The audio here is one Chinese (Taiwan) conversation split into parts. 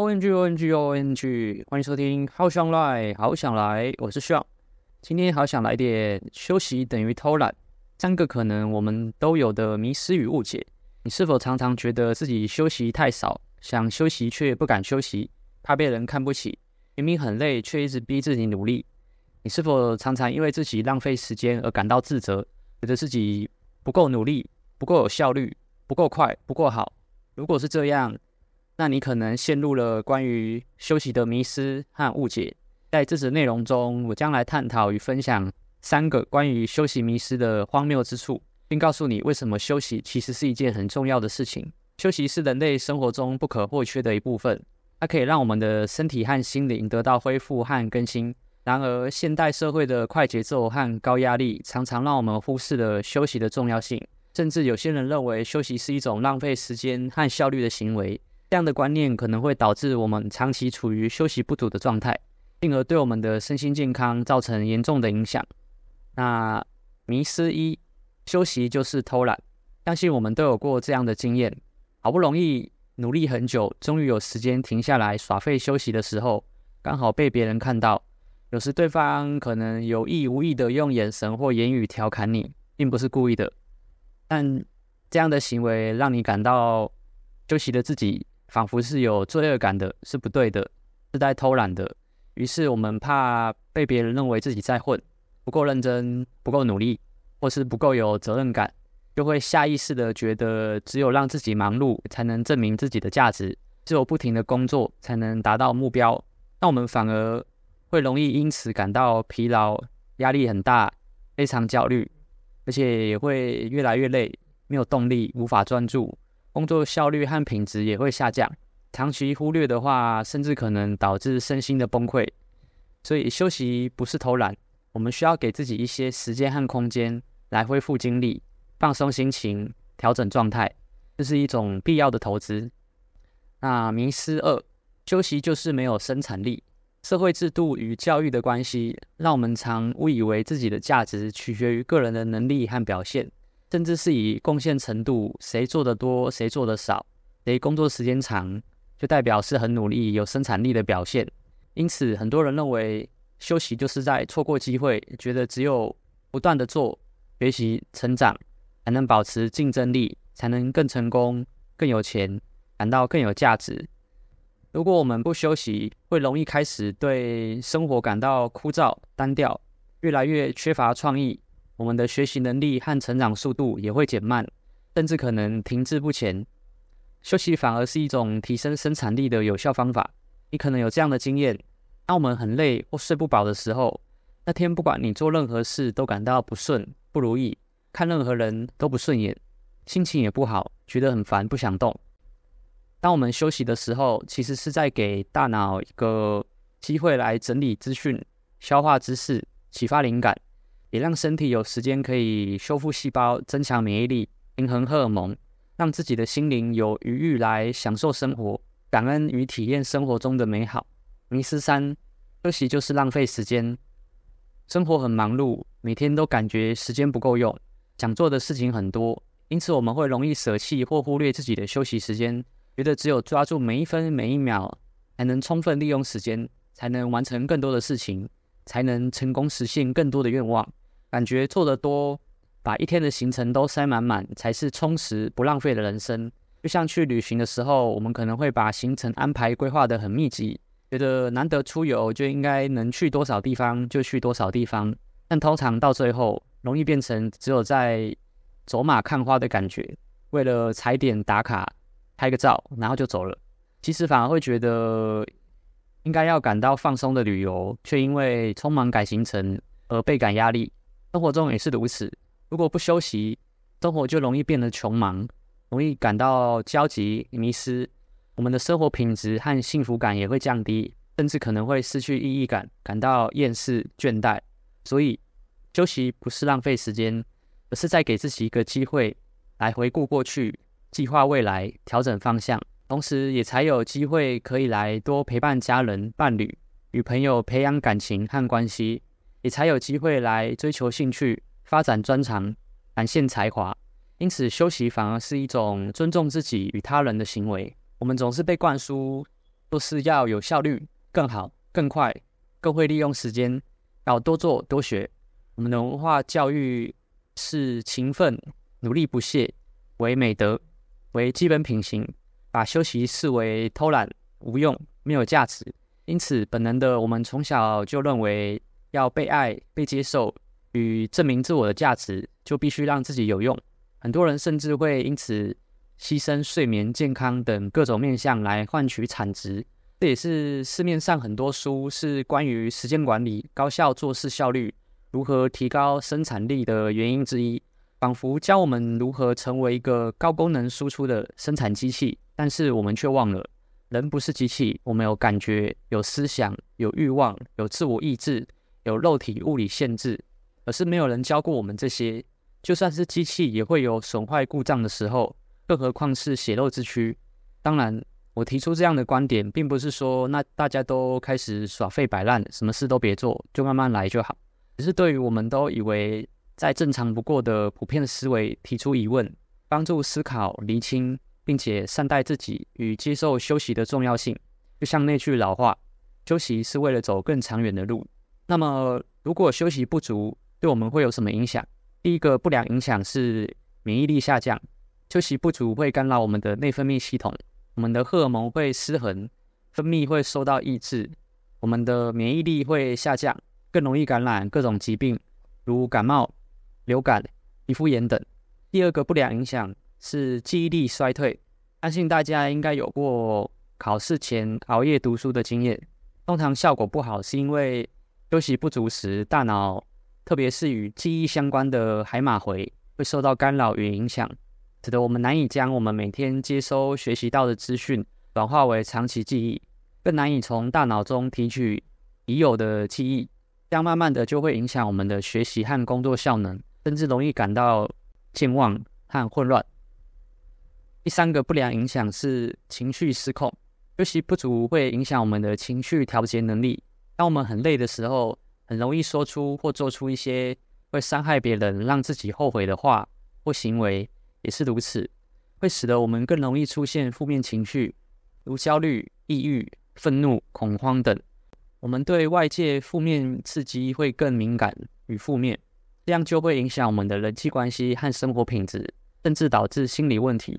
O N G O N G O N G，歡迎收聽好想來好想來，我是炫。今天好想來點休息等於偷懶，三個可能我們都有的迷思與誤解。你是否常常覺得自己休息太少，想休息卻不敢休息，怕被人看不起？明明很累，卻一直逼自己努力。你是否常常因為自己浪費時間而感到自責，覺得自己不夠努力、不夠有效率、不夠快、不夠好？如果是這樣，那你可能陷入了關於休息的迷思和誤解。在這則內容中，我將來探討與分享三個關於休息迷思的荒謬之處，並告訴你為什麼休息其實是一件很重要的事情。休息是人類生活中不可或缺的一部分，它可以讓我們的身體和心靈得到恢復和更新。然而，現代社會的快節奏和高壓力常常讓我們忽視了休息的重要性，甚至有些人認為休息是一種浪費時間和效率的行為。這樣的觀念可能會導致我們長期處於休息不足的狀態，進而對我們的身心健康造成嚴重的影響。那迷思一：休息就是偷懶。相信我們都有過這樣的經驗：好不容易努力很久，終於有時間停下來耍廢休息的時候，剛好被別人看到。有時對方可能有意無意地用眼神或言語調侃你，並不是故意的，但這樣的行為讓你感到休息的自己。仿佛是有罪惡感的，是不對的，是在偷懶的。於是我們怕被別人認為自己在混，不夠認真，不夠努力，或是不夠有責任感，就會下意識的覺得，只有讓自己忙碌，才能證明自己的價值，只有不停的工作，才能達到目標。那我們反而會容易因此感到疲勞，壓力很大，非常焦慮，而且也會越來越累，沒有動力，無法專注。工作效率和品質也會下降，長期忽略的話，甚至可能導致身心的崩潰。所以休息不是偷懶，我們需要給自己一些時間和空間來恢復精力、放鬆心情、調整狀態，這是一種必要的投資。那迷思二：休息就是沒有生產力。社會制度與教育的關係，讓我們常誤以為自己的價值取決於個人的能力和表現。甚至是以貢獻程度，誰做得多，誰做得少，誰工作時間長，就代表是很努力、有生產力的表現。因此，很多人認為休息就是在錯過機會，覺得只有不斷地做、學習、成長，才能保持競爭力，才能更成功、更有錢，感到更有價值。如果我們不休息，會容易開始對生活感到枯燥、單調，越來越缺乏創意。我們的學習能力和成長速度也會減慢，甚至可能停滯不前。休息反而是一種提升生產力的有效方法。你可能有這樣的經驗，當我們很累或睡不飽的時候，那天不管你做任何事都感到不順、不如意，看任何人都不順眼，心情也不好，覺得很煩，不想動。當我們休息的時候，其實是在給大腦一個機會來整理資訊、消化知識、啟發靈感。也讓身體有時間可以修復細胞、增強免疫力、平衡荷爾蒙，讓自己的心靈有餘裕來享受生活、感恩與體驗生活中的美好。迷思三：休息就是浪費時間。生活很忙碌，每天都感覺時間不夠用，想做的事情很多，因此我們會容易捨棄或忽略自己的休息時間，覺得只有抓住每一分每一秒，才能充分利用時間，才能完成更多的事情，才能成功實現更多的願望。感覺做得多，把一天的行程都塞滿滿，才是充實不浪費的人生。就像去旅行的時候，我們可能會把行程安排規劃得很密集，覺得難得出遊就應該能去多少地方就去多少地方。但通常到最後，容易變成只有在走馬看花的感覺，為了踩點打卡、拍個照，然後就走了。其實反而會覺得應該要感到放鬆的旅遊，却因為匆忙改行程而倍感壓力。生活中也是如此，如果不休息，生活就容易變得窮忙，容易感到焦急、迷失，我們的生活品質和幸福感也會降低，甚至可能會失去意義感，感到厭世、倦怠。所以，休息不是浪費時間，而是在給自己一個機會，來回顧過去、計劃未來、調整方向，同時也才有機會可以來多陪伴家人、伴侶與朋友，培養感情和關係。也才有機會來追求興趣、發展專長、展現才華。因此，休息反而是一種尊重自己與他人的行為。我們總是被灌輸，做事要有效率、更好、更快、更會利用時間，要多做多學。我們的文化教育是勤奮、努力不懈，為美德，為基本品行，把休息視為偷懶、無用、沒有價值。因此，本能的我們從小就認為。要被愛、被接受，與證明自我的價值，就必須讓自己有用。很多人甚至會因此犧牲睡眠、健康等各種面向來換取產值。這也是市面上很多書是關於時間管理、高效做事效率，如何提高生產力的原因之一。仿佛教我們如何成為一個高功能輸出的生產機器，但是我們卻忘了，人不是機器，我們有感覺、有思想、有慾望、有自我意志。有肉體物理限制，而是沒有人教過我們這些。就算是機器，也會有損壞故障的時候，更何況是血肉之軀。當然，我提出這樣的觀點，並不是說那大家都開始耍廢擺爛，什麼事都別做，就慢慢來就好。只是對於我們都以為再正常不過的普遍的思維提出疑問，幫助思考、釐清，並且善待自己與接受休息的重要性。就像那句老話：“休息是為了走更長遠的路。”那麼，如果休息不足，對我們會有什麼影響？第一個不良影響是免疫力下降。休息不足會干擾我們的內分泌系統，我們的荷爾蒙會失衡，分泌會受到抑制，我們的免疫力會下降，更容易感染各種疾病，如感冒、流感、皮膚炎等。第二個不良影響是記憶力衰退。相信大家應該有過考試前熬夜讀書的經驗，通常效果不好，是因為。休息不足時，大腦特別是與記憶相關的海馬回會受到干擾與影響，使得我們難以將我們每天接收、學習到的資訊轉化為長期記憶，更難以從大腦中提取已有的記憶，這樣慢慢的就會影響我們的學習和工作效能，甚至容易感到健忘和混亂。第三個不良影響是情緒失控，休息不足會影響我們的情緒調節能力。當我們很累的時候，很容易說出或做出一些會傷害別人、讓自己後悔的話或行為，也是如此，會使得我們更容易出現負面情緒，如焦慮、抑鬱、憤怒、恐慌等。我們對外界負面刺激會更敏感與負面，這樣就會影響我們的人際關係和生活品質，甚至導致心理問題。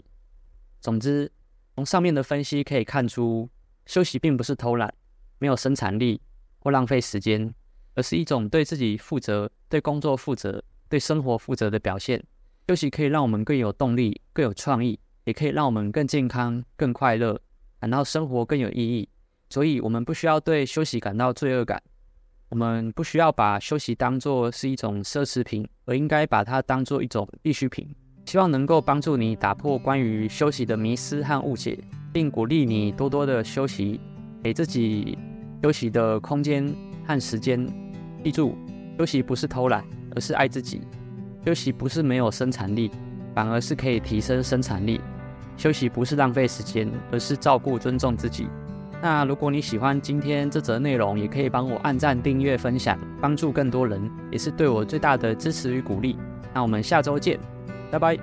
總之，從上面的分析可以看出，休息並不是偷懶，沒有生產力。或浪費時間，而是一種對自己負責、對工作負責、對生活負責的表現。休息可以讓我們更有動力、更有創意，也可以讓我們更健康、更快樂，感到生活更有意義。所以，我們不需要對休息感到罪惡感，我們不需要把休息當作是一種奢侈品，而應該把它當作一種必需品。希望能夠幫助你打破關於休息的迷思和誤解，並鼓勵你多多的休息，給自己。休息的空間和時間，記住，休息不是偷懶，而是愛自己；休息不是沒有生產力，反而是可以提升生產力；休息不是浪費時間，而是照顧、尊重自己。那如果你喜歡今天這則內容，也可以幫我按讚、訂閱、分享，幫助更多人，也是對我最大的支持與鼓勵。那我們下周見，拜拜。